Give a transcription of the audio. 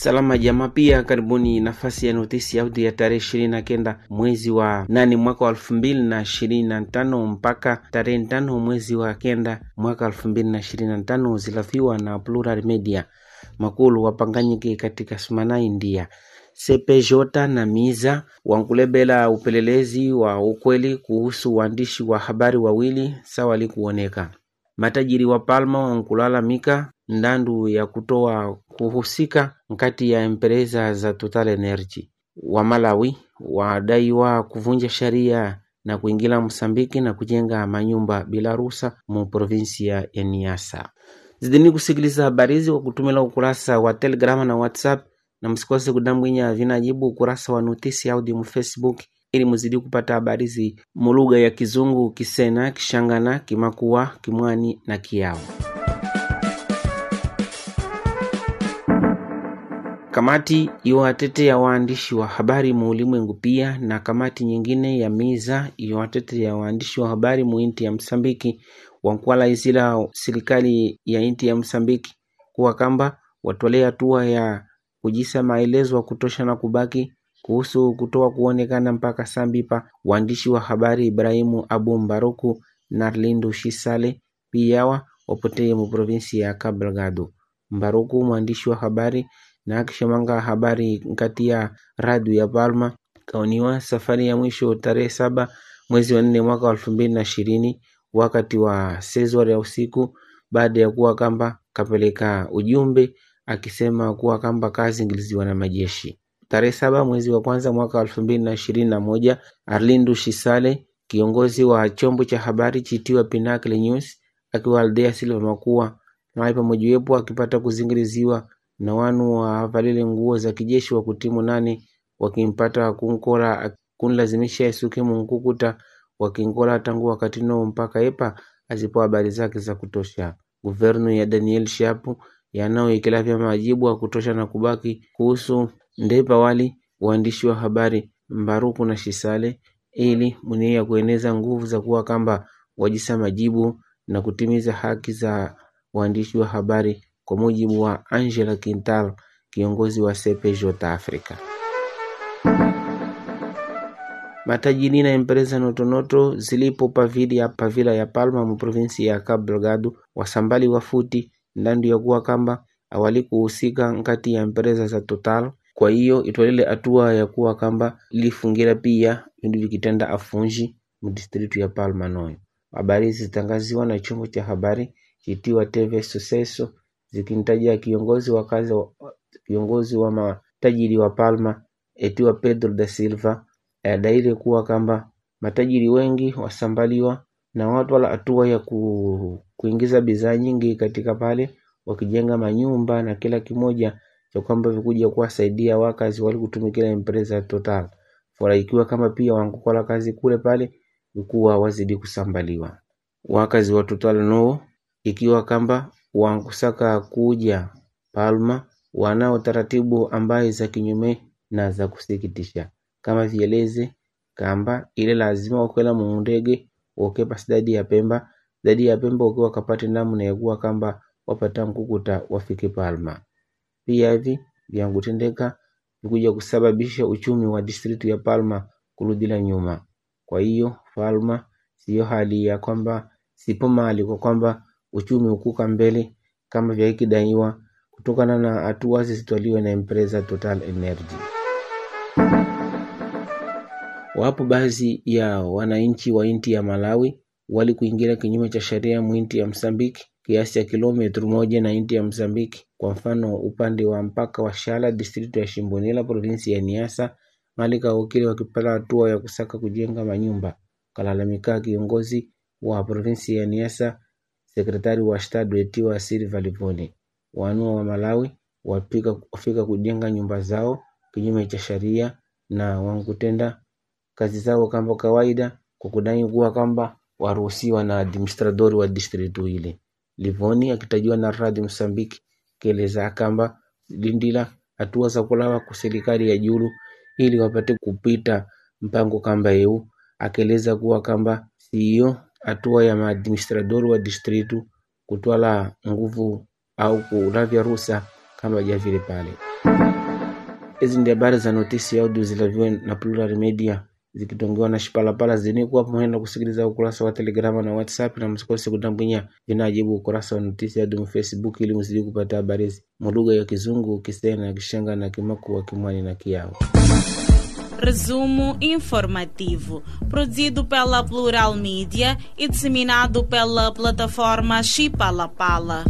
Salama jamaa pia karibuni nafasi ya notisi ya audio ya tarehe ishirini na kenda mwezi wa nane mwaka wa elfu mbili na ishirini na tano mpaka tarehe tano mwezi wa kenda mwaka elfu mbili na ishirini na tano zilafiwa na Plural Media makulu wapanganyike katika sumana india cpj na miza wankulebela upelelezi wa ukweli kuhusu uandishi wa habari wawili sawa likuoneka Matajiri wa Palma wankulalamika ndandu ya kutoa kuhusika nkati ya empresa za total Wa Wamalawi wadaiwa kuvunja sharia na kuingila Msambiki na kujenga manyumba bila rusa mu provinsi ya Niassa. Zidini kusikiliza habari hizi kwa kutumila ukurasa wa Telegram na WhatsApp, na msikose kudambwinya vinajibu ukurasa wa notisi audio mu Facebook ili muzidi kupata habari mulugha ya Kizungu, Kisena, Kishangana, Kimakua, Kimwani na Kiyao. Kamati iwatetea waandishi wa habari mu ulimwengu pia na kamati nyingine ya miza iwatetea waandishi wa habari mu inti ya Msambiki wankwala izila serikali ya inti ya Msambiki kuwa kamba watolea hatua ya kujisa maelezo wa kutosha na kubaki kuhusu kutoa kuonekana mpaka sambipa Waandishi wa habari Ibrahimu Abu Mbaruku na Lindu Shisale piyawa wapotee mu provinsi ya Cabo Mbaruku mwandishi wa habari na akishamanga habari kati ya radu ya Palma kaoniwa safari ya mwisho tarehe saba mwezi wa nne mwaka wa elfu mbili na ishirini wakati wa sezwari ya usiku, baada ya kuwa kamba kapeleka ujumbe akisema kuwa kamba kazi ngiliziwa na majeshi. Tarehe saba mwezi wa kwanza mwaka elfu mbili na ishirini na moja Arlindu Shisale, kiongozi wa chombo cha habari chitiwa Pinnacle News, aldea Silva Makuwa naye pamojiwepo akipata kuzingiriziwa na wanu wavalile nguo za kijeshi wa kutimu nane wakimpata kunkora kunlazimisha esuke munkukuta wakinkola tangu wakati no mpaka epa azipo habari zake za kutosha. Guvernu ya Daniel Shapu yanaoikila vya majibu ya kutosha na kubaki kuhusu Ndeipa wali waandishi wa habari Mbaruku na Shisale ili ya kueneza nguvu za kuwa kamba Wajisa majibu na kutimiza haki za waandishi wa habari kwa mujibu wa Angela Kintal kiongozi wa jota Afrika. Matajiri na empresa notonoto zilipo ya pavila ya Palma mu provinsi ya Cabo Delgado wasambali wafuti ndandu ya kuwa kamba awali kuhusika nkati ya empresa za Total kwa hiyo itwalile hatua ya kuwa kamba lifungira pia vindu vikitenda afunji mu ya Palma noyo, habari zitangaziwa na chombo cha habari chitiwa Tv Sucesso zikimtaja kiongozi wa kazi kiongozi wa matajiri wa Palma etiwa Pedro da Silva adaire kuwa kamba matajiri wengi wasambaliwa na watu wala hatua ya ku, kuingiza bidhaa nyingi katika pale wakijenga manyumba na kila kimoja cha kwamba vikuja kuwasaidia wakazi kutumikia empresa total Fora ikiwa kama pia wankukola kazi kule pale vikuwa wazidi kusambaliwa wakazi wa total no ikiwa kamba wangusaka kuja palma wanao taratibu ambaye za kinyume na za kusikitisha kama vieleze kamba ile lazima wakwela muundege wokepa sidadi ya Pemba dadi ya Pemba ukiwa kapate namna yakuwa kamba wapata mkukuta wafike Palma. Viazi vya vikuja kusababisha uchumi wa distrikti ya Palma kurudila nyuma kwa hiyo Palma siyo hali ya kwamba sipo mali kwa kwamba uchumi hukuka mbele kama vyaikidaiwa kutokana na hatua zisitwaliwe na empresa Total Energy. Wapo baadhi ya wananchi wa inti ya Malawi wali kuingira kinyume cha sheria mwinti ya Msambiki kiasi cha kilomita moja na nchi ya Mozambiki kwa mfano upande wa mpaka wa Shala distrikti ya Shimbunila provinsi ya Niassa Malika Wakili wakipata hatua ya kusaka kujenga manyumba, kalalamika kiongozi wa provinsi ya Niasa, sekretari wa eti wa Asili Valivone. Wanua wa Malawi wapika, wafika kujenga nyumba zao kinyume cha sheria na wankutenda kazi zao kama kawaida, kwa kudai kuwa kwamba waruhusiwa na administradori wa distritu ile. Livoni akitajwa na Radhi Msambiki akieleza kamba lindila hatua za kulawa kwa serikali ya Julu ili wapate kupita mpango kamba yeu, akeleza kuwa kamba siyo hatua ya maadministrador wa distritu kutwala nguvu au kulavya rusa kama javile pale. Hizi ndi habari za notisi audio zilaviwe na Plural Media zikitongewa na Shipalapala zini pamoja mwenda kusikiliza ukurasa wa Telegram na WhatsApp, na msikose kutambunya vinajibu ukurasa wa Notisi dumu Facebook ili msije kupata habari mulugha ya Kizungu, Kisena, Kishanga na wa Kimwani na kiyao Resumo informativo, produzido pela Plural media e disseminado pela plataforma Chipalapala.